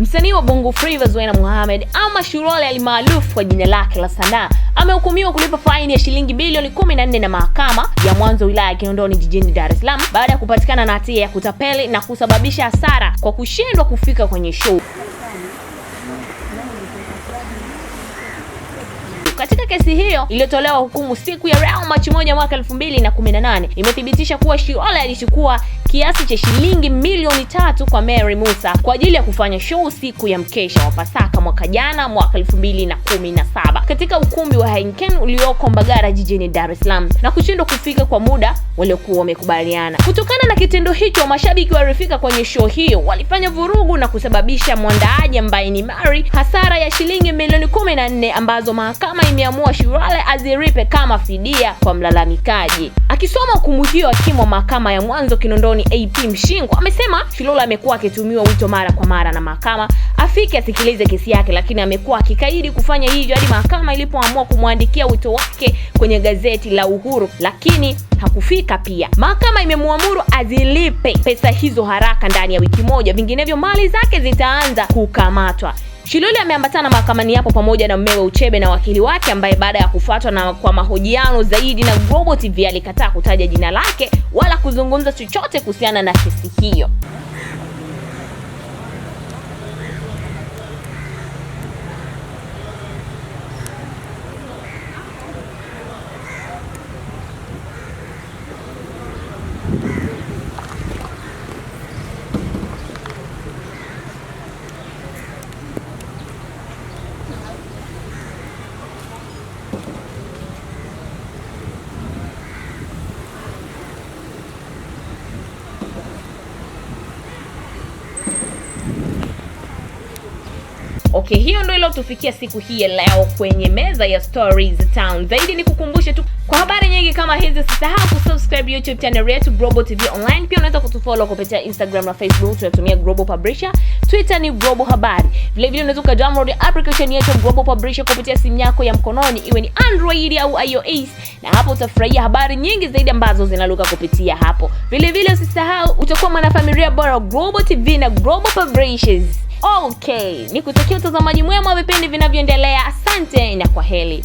Msanii wa Bongo Flava Zuena Mohamed ama Shilole alimaarufu kwa jina lake la sanaa amehukumiwa kulipa faini ya shilingi bilioni 14 na mahakama ya mwanzo wilaya ya Kinondoni jijini Dar es Salaam baada ya kupatikana na hatia ya kutapeli na kusababisha hasara kwa kushindwa kufika kwenye show. kesi hiyo iliyotolewa hukumu siku ya leo Machi moja mwaka 2018 imethibitisha kuwa Shilole alichukua kiasi cha shilingi milioni tatu kwa Mary Musa kwa ajili ya kufanya show siku ya mkesha wa Pasaka mwaka jana mwaka 2017 katika ukumbi wa Heineken ulioko Mbagara jijini Dar es Salaam na kushindwa kufika kwa muda waliokuwa wamekubaliana. Kutokana na kitendo hicho, mashabiki waliofika kwenye show hiyo walifanya vurugu na kusababisha mwandaaji ambaye ni Mary hasara ya shilingi milioni 14 ambazo mahakama imeamua aliamua Shirale azilipe kama fidia kwa mlalamikaji. Akisoma hukumu hiyo, hakimu wa mahakama ya mwanzo Kinondoni AP Mshingo amesema Shilole amekuwa akitumiwa wito mara kwa mara na mahakama afike asikilize kesi yake, lakini amekuwa akikaidi kufanya hivyo hadi mahakama ilipoamua kumwandikia wito wake kwenye gazeti la Uhuru, lakini hakufika. Pia mahakama imemwamuru azilipe pesa hizo haraka ndani ya wiki moja, vinginevyo mali zake zitaanza kukamatwa. Shilole ameambatana mahakamani hapo pamoja na mmewe Uchebe na wakili wake ambaye baada ya kufuatwa na kwa mahojiano zaidi na Global TV alikataa kutaja jina lake wala kuzungumza chochote kuhusiana na kesi hiyo. Okay, hiyo ndio iliyotufikia siku hii ya leo kwenye meza ya Stories Town. Zaidi ni kukumbushe tu kwa habari nyingi kama hizi, usisahau kusubscribe YouTube channel yetu Global TV Online. Pia unaweza kutufollow kupitia Instagram na Facebook, tunatumia Global Publisher. Twitter ni Global Habari. Vile vile unaweza kudownload application yetu Global Publisher kupitia simu yako ya mkononi, iwe ni Android au iOS, na hapo utafurahia habari nyingi zaidi ambazo zinaluka kupitia hapo. Vile vile usisahau, utakuwa mwanafamilia bora Global TV na Global Publishers. Okay, nikutakia utazamaji mwema vipindi vinavyoendelea. Asante na kwa heri.